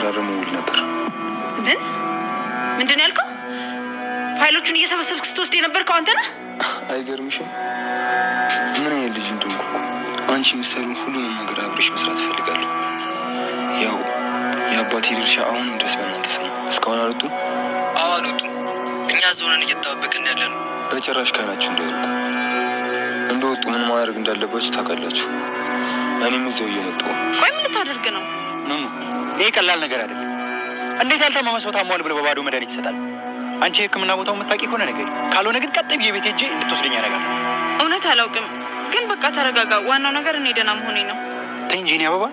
የምንፈራረመው ውል ነበር። ምን ምንድን ነው ያልከው? ፋይሎቹን እየሰበሰብክ ስትወስድ የነበርከው አንተ ነህ? አይገርምሽም? ምን አይነት ልጅ እንደሆንኩ አንቺ የምትሰሪውን ሁሉንም ነገር አብሬሽ መስራት እፈልጋለሁ። ያው የአባቴ ድርሻ አሁንም ድረስ በእናንተ ስም ነው። እስካሁን አልወጡም? አዎ አልወጡም። እኛ ዘውነን እየተጠባበቅን ያለ ነው። በጭራሽ ካይናችሁ እንዳይልቁ። እንደወጡ ምን ማድረግ እንዳለባችሁ ታውቃላችሁ። እኔም እዚያው እየመጣሁ ቆይ ምን ልታደርግ ነው? ኑ ይሄ ቀላል ነገር አይደለም። እንዴት ያልታመመ ሰው ታሟል ብሎ በባዶ መድኃኒት ይሰጣል? አንቺ የህክምና ቦታው የምታውቂ ከሆነ ነገር፣ ካልሆነ ግን ቀጥ ብዬ ቤት ሄጄ እንድትወስደኝ ያደርጋታል። እውነት አላውቅም፣ ግን በቃ ተረጋጋ። ዋናው ነገር እኔ ደህና መሆኔ ነው። ተይ እንጂ እኔ አበባ፣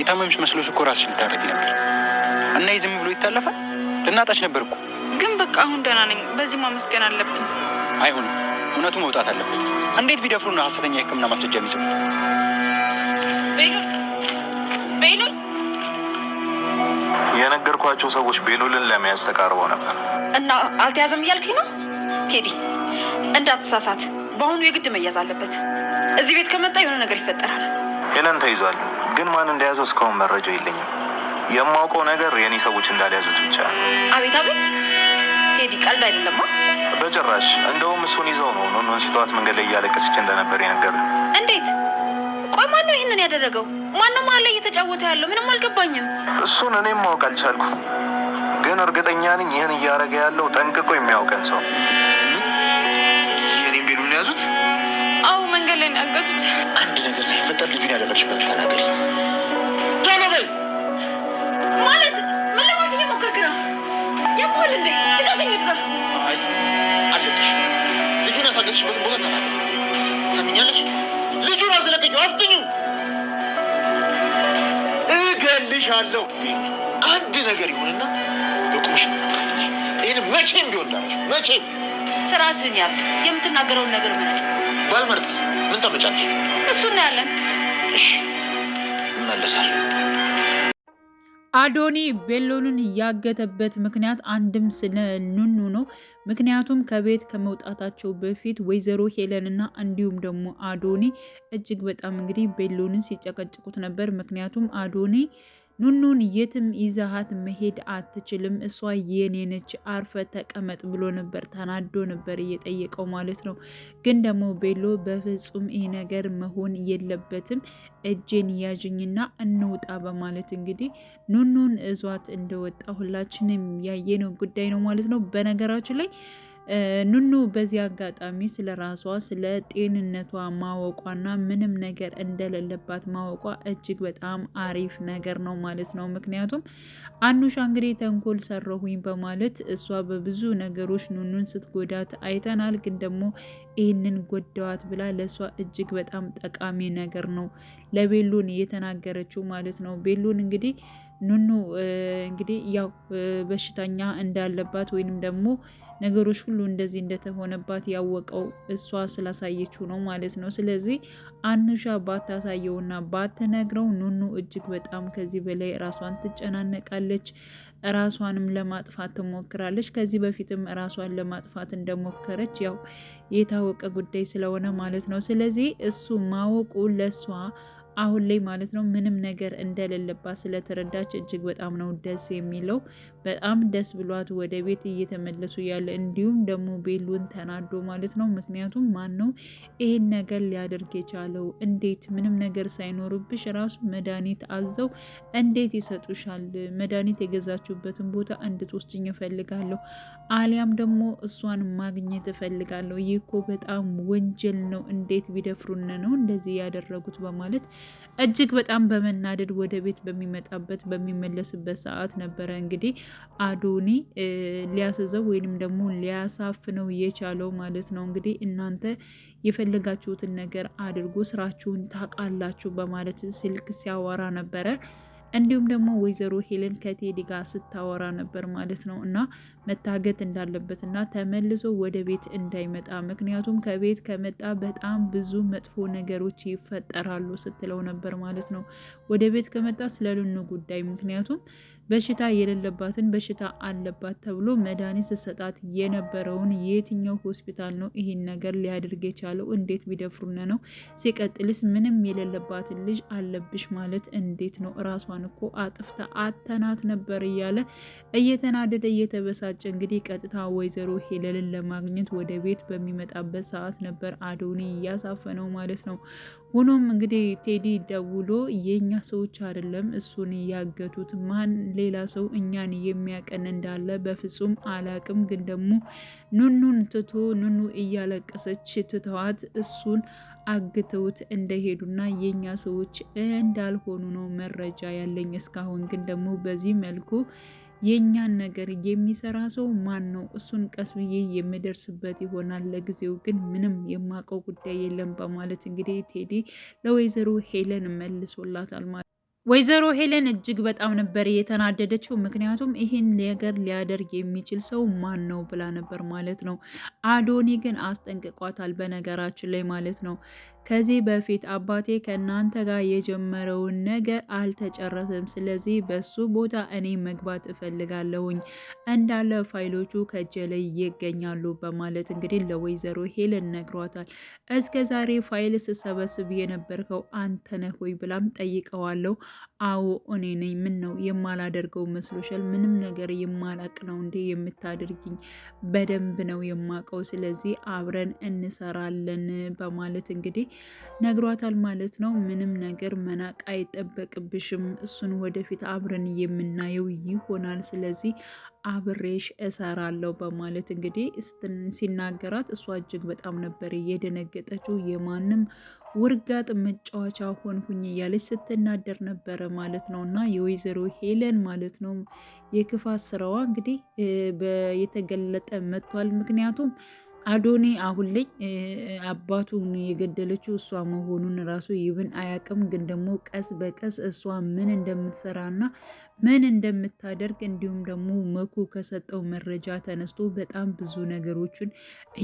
የታመምሽ መስሎሽ እኮ ራስሽ ልታጠፊ ነበር። እና ይህ ዝም ብሎ ይታለፋል? ልናጣሽ ነበር እኮ። ግን በቃ አሁን ደህና ነኝ፣ በዚህ ማመስገን አለብን። አይሆንም፣ እውነቱ መውጣት አለበት። እንዴት ቢደፍሩ ነው ሀሰተኛ የህክምና ማስረጃ የሚጽፉት? ቤሉል የነገርኳቸው ሰዎች ቤሉልን ለመያዝ ተቃርበው ነበር እና አልተያዘም እያልክ ነው ቴዲ? እንዳትሳሳት። በአሁኑ የግድ መያዝ አለበት። እዚህ ቤት ከመጣ የሆነ ነገር ይፈጠራል። ሄለን ተይዟል፣ ግን ማን እንደያዘው እስካሁን መረጃ የለኝም። የማውቀው ነገር የእኔ ሰዎች እንዳልያዙት ብቻ። አቤት አቤት፣ ቴዲ ቀልድ አይደለማ በጭራሽ። እንደውም እሱን ይዘው ነው ኖኖን ሲተዋት መንገድ ላይ እያለቀሰች እንደነበር የነገር እንዴት? ቆይ ነው ይህንን ያደረገው? ማነው መሀል ላይ እየተጫወተ ያለው? ምንም አልገባኝም። እሱን እኔም ማወቅ አልቻልኩ፣ ግን እርግጠኛ ነኝ ይህን እያደረገ ያለው ጠንቅቆ የሚያውቀን ሰው። የኔ ቤሉን ያዙት? አዎ መንገድ ላይ ያገቱት። አንድ ነገር ሳይፈጠር ልጁን ያደረግሽበት ተናገሪ። ማለት ምን ለማለት እየሞከርክ ነው? እንዴ ልቀቀኝ። አለሽ ልጁን ያሳገዝሽበት ቦታ ሰምኛለሽ? ልጁን አፍትኙ እልሻለሁ አንድ ነገር ይሁንና በቁምሽ ይህን መቼም ቢሆን ዳረሽ መቼም ስርዓትን ያዝ። የምትናገረውን ነገር ምረጥ። ባልመርጥስ ምን ታመጫለሽ? እሱ እናያለን። እሺ እመለሳለሁ። አዶኒ ቤሎንን ያገተበት ምክንያት አንድም ስለ ኑኑ ነው። ምክንያቱም ከቤት ከመውጣታቸው በፊት ወይዘሮ ሄለንና እንዲሁም ደግሞ አዶኒ እጅግ በጣም እንግዲህ ቤሎንን ሲጨቀጭቁት ነበር። ምክንያቱም አዶኒ ኑኑን የትም ይዛሃት መሄድ አትችልም፣ እሷ የኔ ነች፣ አርፈ ተቀመጥ ብሎ ነበር። ተናዶ ነበር እየጠየቀው ማለት ነው። ግን ደግሞ ቤሎ በፍጹም ይህ ነገር መሆን የለበትም፣ እጄን ያዥኝና እንውጣ በማለት እንግዲህ ኑኑን እዟት እንደወጣ ሁላችንም ያየነው ጉዳይ ነው ማለት ነው በነገራችን ላይ ኑኑ በዚህ አጋጣሚ ስለ ራሷ ስለ ጤንነቷ ማወቋና ምንም ነገር እንደሌለባት ማወቋ እጅግ በጣም አሪፍ ነገር ነው ማለት ነው። ምክንያቱም አኑሻ እንግዲህ ተንኮል ሰረሁኝ በማለት እሷ በብዙ ነገሮች ኑኑን ስትጎዳት አይተናል። ግን ደግሞ ይህንን ጎዳዋት ብላ ለእሷ እጅግ በጣም ጠቃሚ ነገር ነው ለቤሉን እየተናገረችው ማለት ነው። ቤሉን እንግዲህ ኑኑ እንግዲህ ያው በሽተኛ እንዳለባት ወይንም ደግሞ ነገሮች ሁሉ እንደዚህ እንደተሆነባት ያወቀው እሷ ስላሳየችው ነው ማለት ነው። ስለዚህ አኑሻ ባታሳየውና ባትነግረው ኑኑ እጅግ በጣም ከዚህ በላይ ራሷን ትጨናነቃለች። ራሷንም ለማጥፋት ትሞክራለች። ከዚህ በፊትም ራሷን ለማጥፋት እንደሞከረች ያው የታወቀ ጉዳይ ስለሆነ ማለት ነው። ስለዚህ እሱ ማወቁ ለእሷ አሁን ላይ ማለት ነው ምንም ነገር እንደሌለባት ስለተረዳች እጅግ በጣም ነው ደስ የሚለው። በጣም ደስ ብሏት ወደ ቤት እየተመለሱ ያለ እንዲሁም ደግሞ ቤሉን ተናዶ ማለት ነው። ምክንያቱም ማን ነው ይህን ነገር ሊያደርግ የቻለው? እንዴት ምንም ነገር ሳይኖርብሽ ራሱ መድኃኒት አዘው እንዴት ይሰጡሻል? መድኃኒት የገዛችሁበትን ቦታ እንድትወስጅኝ እፈልጋለሁ። አሊያም ደግሞ እሷን ማግኘት እፈልጋለሁ። ይህ እኮ በጣም ወንጀል ነው፣ እንዴት ቢደፍሩን ነው እንደዚህ ያደረጉት? በማለት እጅግ በጣም በመናደድ ወደ ቤት በሚመጣበት በሚመለስበት ሰዓት ነበረ እንግዲህ አዶኒ ሊያስዘው ወይንም ደግሞ ሊያሳፍነው የቻለው ማለት ነው። እንግዲህ እናንተ የፈለጋችሁትን ነገር አድርጎ ስራችሁን ታውቃላችሁ በማለት ስልክ ሲያወራ ነበረ። እንዲሁም ደግሞ ወይዘሮ ሄለን ከቴዲ ጋር ስታወራ ነበር ማለት ነው። እና መታገት እንዳለበት እና ተመልሶ ወደ ቤት እንዳይመጣ ምክንያቱም ከቤት ከመጣ በጣም ብዙ መጥፎ ነገሮች ይፈጠራሉ ስትለው ነበር ማለት ነው። ወደ ቤት ከመጣ ስለ ጉዳይ ምክንያቱም በሽታ የሌለባትን በሽታ አለባት ተብሎ መድኃኒት ስሰጣት የነበረውን የትኛው ሆስፒታል ነው ይህን ነገር ሊያደርግ የቻለው? እንዴት ቢደፍሩነ ነው? ሲቀጥልስ ምንም የሌለባትን ልጅ አለብሽ ማለት እንዴት ነው? እራሷን እኮ አጥፍታ አተናት ነበር እያለ እየተናደደ እየተበሳጨ እንግዲህ ቀጥታ ወይዘሮ ሄለልን ለማግኘት ወደ ቤት በሚመጣበት ሰዓት ነበር አዶኒ እያሳፈነው ማለት ነው። ሆኖም እንግዲህ ቴዲ ደውሎ የእኛ ሰዎች አይደለም እሱን ያገቱት ማን ሌላ ሰው እኛን የሚያቀን እንዳለ በፍጹም አላቅም። ግን ደግሞ ኑኑን ትቶ ኑኑ እያለቀሰች ትተዋት እሱን አግተውት እንደሄዱና የኛ ሰዎች እንዳልሆኑ ነው መረጃ ያለኝ እስካሁን። ግን ደግሞ በዚህ መልኩ የእኛን ነገር የሚሰራ ሰው ማን ነው? እሱን ቀስ ብዬ የምደርስበት ይሆናል። ለጊዜው ግን ምንም የማውቀው ጉዳይ የለም በማለት እንግዲህ ቴዲ ለወይዘሮ ሄለን መልሶላታል። ወይዘሮ ሄለን እጅግ በጣም ነበር የተናደደችው። ምክንያቱም ይህን ነገር ሊያደርግ የሚችል ሰው ማን ነው ብላ ነበር ማለት ነው። አዶኒ ግን አስጠንቅቋታል፣ በነገራችን ላይ ማለት ነው። ከዚህ በፊት አባቴ ከእናንተ ጋር የጀመረውን ነገር አልተጨረሰም። ስለዚህ በሱ ቦታ እኔ መግባት እፈልጋለሁኝ እንዳለ ፋይሎቹ ከእጄ ላይ ይገኛሉ በማለት እንግዲህ ለወይዘሮ ሄለን ነግሯታል። እስከ ዛሬ ፋይል ስሰበስብ የነበርከው አንተ ነህ ወይ ብላም ጠይቀዋለሁ። አዎ እኔ ነኝ። ምን ነው የማላደርገው መስሎሻል? ምንም ነገር የማላቅ ነው እንዴ የምታደርግኝ? በደንብ ነው የማውቀው። ስለዚህ አብረን እንሰራለን በማለት እንግዲህ ነግሯታል ማለት ነው። ምንም ነገር መናቅ አይጠበቅብሽም። እሱን ወደፊት አብረን የምናየው ይሆናል። ስለዚህ አብሬሽ እሰራለሁ በማለት እንግዲህ ሲናገራት እሷ እጅግ በጣም ነበር የደነገጠችው። የማንም ውርጋጥ መጫወቻ ሆንኩኝ እያለች ስትናደር ነበረ ማለት ነው። እና የወይዘሮ ሄለን ማለት ነው የክፋት ስራዋ እንግዲህ የተገለጠ መጥቷል። ምክንያቱም አዶኔ አሁን ላይ አባቱን የገደለችው እሷ መሆኑን ራሱ ይብን አያቅም። ግን ደግሞ ቀስ በቀስ እሷ ምን እንደምትሰራና ምን እንደምታደርግ እንዲሁም ደግሞ መኩ ከሰጠው መረጃ ተነስቶ በጣም ብዙ ነገሮችን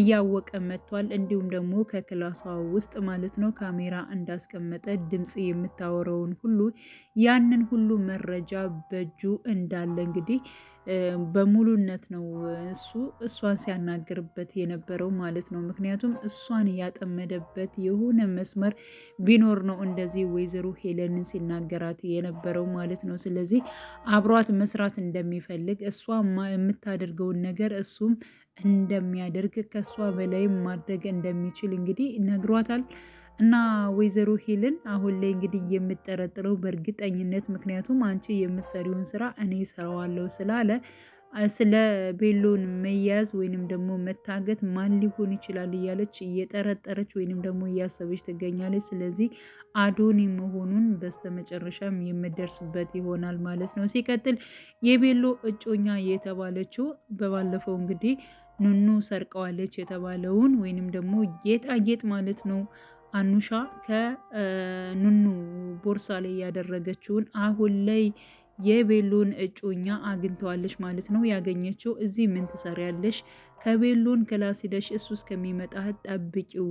እያወቀ መጥቷል። እንዲሁም ደግሞ ከክላሷ ውስጥ ማለት ነው ካሜራ እንዳስቀመጠ ድምፅ የምታወረውን ሁሉ ያንን ሁሉ መረጃ በእጁ እንዳለ እንግዲህ በሙሉነት ነው እሱ እሷን ሲያናግርበት የነበረው ማለት ነው። ምክንያቱም እሷን ያጠመደበት የሆነ መስመር ቢኖር ነው እንደዚህ ወይዘሮ ሄለንን ሲናገራት የነበረው ማለት ነው። ስለዚህ አብሯት መስራት እንደሚፈልግ እሷ የምታደርገውን ነገር እሱም እንደሚያደርግ ከእሷ በላይም ማድረግ እንደሚችል እንግዲህ ነግሯታል። እና ወይዘሮ ሄልን አሁን ላይ እንግዲህ የምጠረጥረው በእርግጠኝነት ምክንያቱም አንቺ የምትሰሪውን ስራ እኔ ሰራዋለው ስላለ ስለ ቤሎን መያዝ ወይንም ደግሞ መታገት ማን ሊሆን ይችላል እያለች እየጠረጠረች ወይንም ደግሞ እያሰበች ትገኛለች። ስለዚህ አዶኒ መሆኑን በስተመጨረሻም የምደርስበት ይሆናል ማለት ነው። ሲቀጥል የቤሎ እጮኛ የተባለችው በባለፈው እንግዲህ ኑኑ ሰርቀዋለች የተባለውን ወይንም ደግሞ ጌጣጌጥ ማለት ነው አኑሻ ከኑኑ ቦርሳ ላይ ያደረገችውን አሁን ላይ የቤሎን እጩኛ አግኝተዋለች ማለት ነው። ያገኘችው እዚህ ምን ትሰሪያለሽ? ከቤሎን ክላስ ሂደሽ እሱ እስከሚመጣ ጠብቂው።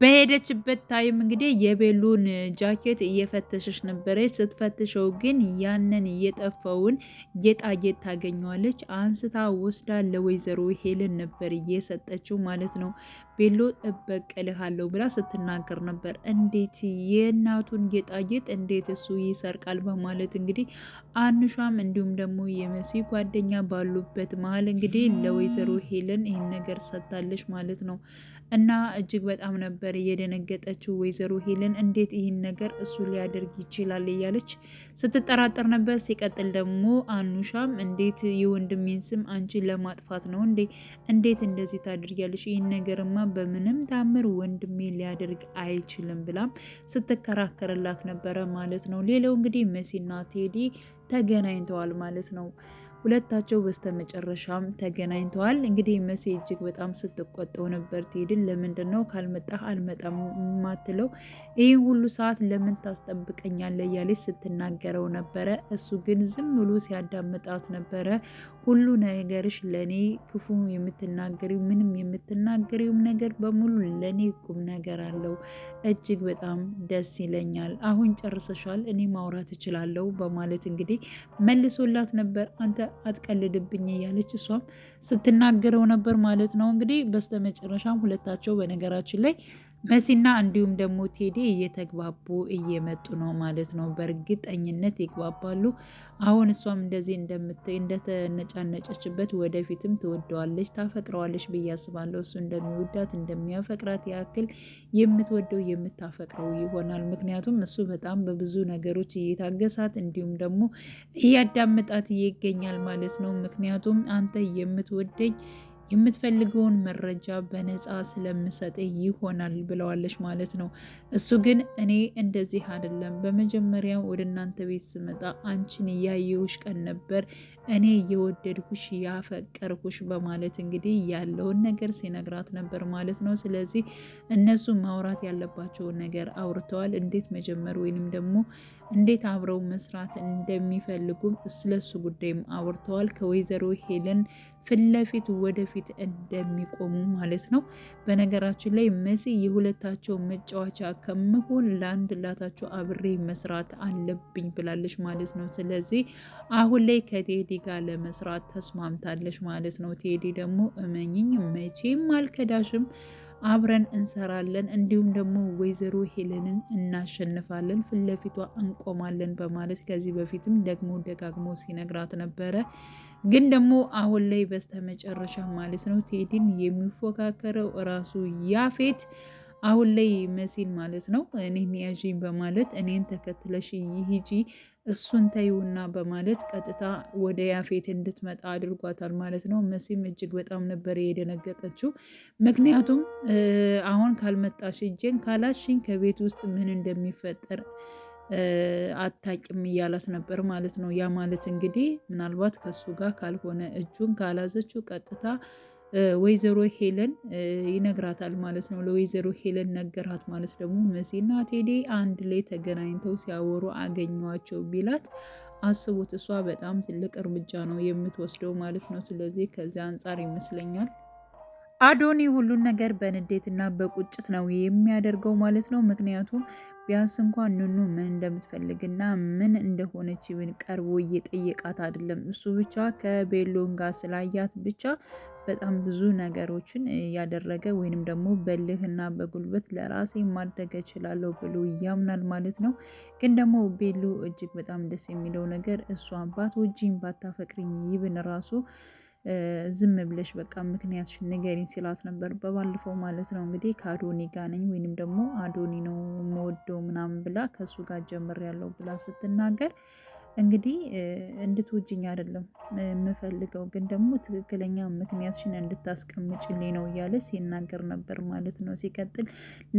በሄደችበት ታይም እንግዲህ የቤሎን ጃኬት እየፈተሸች ነበረች። ስትፈትሸው ግን ያንን እየጠፋውን ጌጣጌጥ ታገኘዋለች። አንስታ ወስዳ ለወይዘሮ ሄልን ነበር እየሰጠችው ማለት ነው። ቤሎ እበቀልሃለሁ ብላ ስትናገር ነበር። እንዴት የእናቱን ጌጣጌጥ እንዴት እሱ ይሰርቃል? በማለት እንግዲህ አንሿም እንዲሁም ደግሞ የመሲ ጓደኛ ባሉበት መሀል እንግዲህ ለወይዘሮ ሄልን ይህን ነገር ሰጥታለች ማለት ነው። እና እጅግ በጣም ነበር የደነገጠችው ወይዘሮ ሄለን እንዴት ይህን ነገር እሱ ሊያደርግ ይችላል እያለች ስትጠራጠር ነበር። ሲቀጥል ደግሞ አኑሻም እንዴት የወንድሜን ስም አንቺ ለማጥፋት ነው እንዴ? እንዴት እንደዚህ ታደርጊያለች? ይህን ነገርማ በምንም ታምር ወንድሜ ሊያደርግ አይችልም ብላም ስትከራከርላት ነበረ ማለት ነው። ሌላው እንግዲህ መሲና ቴዲ ተገናኝተዋል ማለት ነው። ሁለታቸው በስተመጨረሻም ተገናኝተዋል። እንግዲህ መሴ እጅግ በጣም ስትቆጠው ነበር። ትሄድን ለምንድን ነው ካልመጣህ አልመጣም ማትለው? ይህን ሁሉ ሰዓት ለምን ታስጠብቀኛለህ? እያለች ስትናገረው ነበረ። እሱ ግን ዝም ብሎ ሲያዳምጣት ነበረ። ሁሉ ነገርሽ ለእኔ ክፉ የምትናገሪው ምንም የምትናገሪውም ነገር በሙሉ ለእኔ ቁም ነገር አለው። እጅግ በጣም ደስ ይለኛል። አሁን ጨርሰሻል፣ እኔ ማውራት እችላለሁ በማለት እንግዲህ መልሶላት ነበር አንተ አትቀልድብኝ እያለች እሷም ስትናገረው ነበር ማለት ነው። እንግዲህ በስተመጨረሻም ሁለታቸው በነገራችን ላይ መሲና እንዲሁም ደግሞ ቴዲ እየተግባቡ እየመጡ ነው ማለት ነው። በእርግጠኝነት ይግባባሉ። አሁን እሷም እንደዚህ እንደተነጫነጨችበት ወደፊትም ትወደዋለች፣ ታፈቅረዋለች ብዬ አስባለሁ። እሱ እንደሚወዳት እንደሚያፈቅራት ያክል የምትወደው የምታፈቅረው ይሆናል። ምክንያቱም እሱ በጣም በብዙ ነገሮች እየታገሳት እንዲሁም ደግሞ እያዳመጣት ይገኛል ማለት ነው። ምክንያቱም አንተ የምትወደኝ የምትፈልገውን መረጃ በነፃ ስለምሰጥ ይሆናል ብለዋለች ማለት ነው። እሱ ግን እኔ እንደዚህ አይደለም፣ በመጀመሪያ ወደ እናንተ ቤት ስመጣ አንቺን እያየሁሽ ቀን ነበር እኔ እየወደድኩሽ ያፈቀርኩሽ በማለት እንግዲህ ያለውን ነገር ሲነግራት ነበር ማለት ነው። ስለዚህ እነሱ ማውራት ያለባቸውን ነገር አውርተዋል። እንዴት መጀመር ወይንም ደግሞ እንዴት አብረው መስራት እንደሚፈልጉም ስለሱ ጉዳይም አውርተዋል። ከወይዘሮ ሄለን ፊት ወደፊት እንደሚቆሙ ማለት ነው። በነገራችን ላይ መሲ የሁለታቸው መጫወቻ ከመሆን ለአንድ ላታቸው አብሬ መስራት አለብኝ ብላለች ማለት ነው። ስለዚህ አሁን ላይ ከቴዲ ጋር ለመስራት ተስማምታለች ማለት ነው። ቴዲ ደግሞ እመኝኝ መቼም አልከዳሽም አብረን እንሰራለን፣ እንዲሁም ደግሞ ወይዘሮ ሄለንን እናሸንፋለን፣ ፊት ለፊቷ እንቆማለን በማለት ከዚህ በፊትም ደግሞ ደጋግሞ ሲነግራት ነበረ። ግን ደግሞ አሁን ላይ በስተመጨረሻ ማለት ነው ቴዲን የሚፎካከረው ራሱ ያፌት አሁን ላይ መሲን ማለት ነው እኔን ያዥኝ በማለት እኔን ተከትለሽ ይሂጂ እሱን ተይውና በማለት ቀጥታ ወደ ያፌት እንድትመጣ አድርጓታል ማለት ነው። መሲም እጅግ በጣም ነበር የደነገጠችው። ምክንያቱም አሁን ካልመጣሽ እጄን ካላሽኝ ከቤት ውስጥ ምን እንደሚፈጠር አታውቂም እያላት ነበር ማለት ነው። ያ ማለት እንግዲህ ምናልባት ከሱ ጋር ካልሆነ እጁን ካላዘችው ቀጥታ ወይዘሮ ሄለን ይነግራታል ማለት ነው። ለወይዘሮ ሄለን ነገራት ማለት ደግሞ መሲና ቴዲ አንድ ላይ ተገናኝተው ሲያወሩ አገኘዋቸው ቢላት አስቡት። እሷ በጣም ትልቅ እርምጃ ነው የምትወስደው ማለት ነው። ስለዚህ ከዚያ አንጻር ይመስለኛል አዶኒ ሁሉን ነገር በንዴትና በቁጭት ነው የሚያደርገው ማለት ነው። ምክንያቱም ቢያንስ እንኳን ኑኑ ምን እንደምትፈልግና ምን እንደሆነች ይብን ቀርቦ እየጠየቃት አይደለም። እሱ ብቻ ከቤሎን ጋር ስላያት ብቻ በጣም ብዙ ነገሮችን ያደረገ ወይንም ደግሞ በልህና በጉልበት ለራሴ ማድረግ እችላለሁ ብሎ ያምናል ማለት ነው። ግን ደግሞ ቤሎ እጅግ በጣም ደስ የሚለው ነገር እሷ ባትወጂኝ ባታፈቅሪኝ ይብን ራሱ ዝም ብለሽ በቃ ምክንያትሽን ንገሪኝ ሲላት ነበር በባለፈው ማለት ነው። እንግዲህ ከአዶኒ ጋር ነኝ ወይንም ደግሞ አዶኒ ነው የምወደው ምናምን ብላ ከእሱ ጋር ያለው ብላ ስትናገር እንግዲህ እንድትወጂኝ አይደለም የምፈልገው፣ ግን ደግሞ ትክክለኛ ምክንያትሽን እንድታስቀምጭልኝ ነው እያለ ሲናገር ነበር ማለት ነው። ሲቀጥል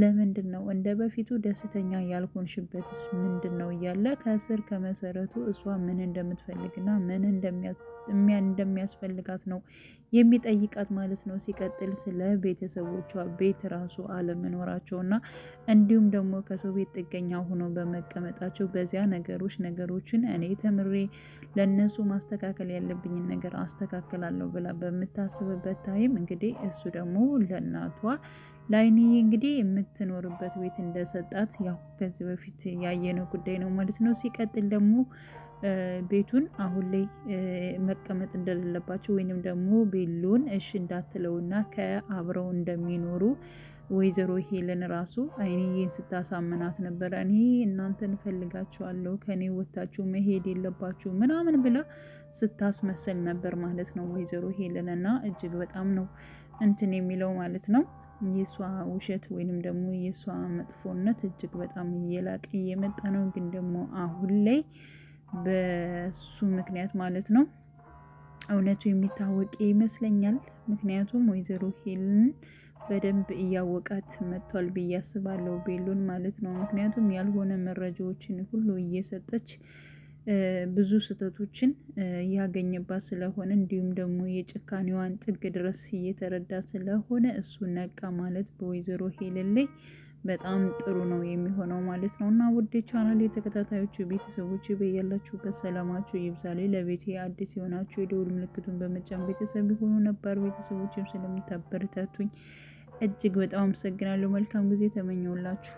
ለምንድን ነው እንደ በፊቱ ደስተኛ ያልሆንሽበትስ ምንድን ነው እያለ ከስር ከመሰረቱ እሷ ምን እንደምትፈልግና ምን እንደሚያ እንደሚያስፈልጋት ነው የሚጠይቃት ማለት ነው። ሲቀጥል ስለ ቤተሰቦቿ ቤት ራሱ እና እንዲሁም ደግሞ ከሰው ቤት ጥገኛ ሆኖ በመቀመጣቸው በዚያ ነገሮች ነገሮችን እኔ ተምሬ ለእነሱ ማስተካከል ያለብኝን ነገር አስተካክላለሁ ብላ በምታስብበት ታይም እንግዲህ እሱ ደግሞ ለእናቷ ላይኒ እንግዲህ የምትኖርበት ቤት እንደሰጣት ያው ከዚህ በፊት ያየነው ጉዳይ ነው ማለት ነው። ሲቀጥል ደግሞ ቤቱን አሁን ላይ መቀመጥ እንደሌለባቸው ወይንም ደግሞ ቤሎን እሺ እንዳትለውና ከአብረው እንደሚኖሩ ወይዘሮ ሄለን ራሱ አይንዬን ስታሳምናት ነበረ። እኔ እናንተን እፈልጋችኋለሁ ከኔ ወታችሁ መሄድ የለባችሁ ምናምን ብላ ስታስመስል ነበር ማለት ነው ወይዘሮ ሄለን እና እጅግ በጣም ነው እንትን የሚለው ማለት ነው። የእሷ ውሸት ወይንም ደግሞ የእሷ መጥፎነት እጅግ በጣም እየላቀ እየመጣ ነው። ግን ደግሞ አሁን ላይ በሱ ምክንያት ማለት ነው እውነቱ የሚታወቅ ይመስለኛል። ምክንያቱም ወይዘሮ ሄልን በደንብ እያወቃት መጥቷል ብዬ አስባለሁ፣ ቤሎን ማለት ነው። ምክንያቱም ያልሆነ መረጃዎችን ሁሉ እየሰጠች ብዙ ስህተቶችን ያገኘባት ስለሆነ እንዲሁም ደግሞ የጭካኔዋን ጥግ ድረስ እየተረዳ ስለሆነ እሱ ነቃ ማለት በወይዘሮ ሄልን ላይ በጣም ጥሩ ነው የሚሆነው ማለት ነው። እና ውድ ቻናል የተከታታዮቹ ቤተሰቦች በያላችሁበት ሰላማችሁ ይብዛሌ። ለቤቴ አዲስ የሆናችሁ የደውል ምልክቱን በመጫን ቤተሰብ የሆኑ ነባር ቤተሰቦችም ስለምታበረታቱኝ እጅግ በጣም አመሰግናለሁ። መልካም ጊዜ ተመኘውላችሁ።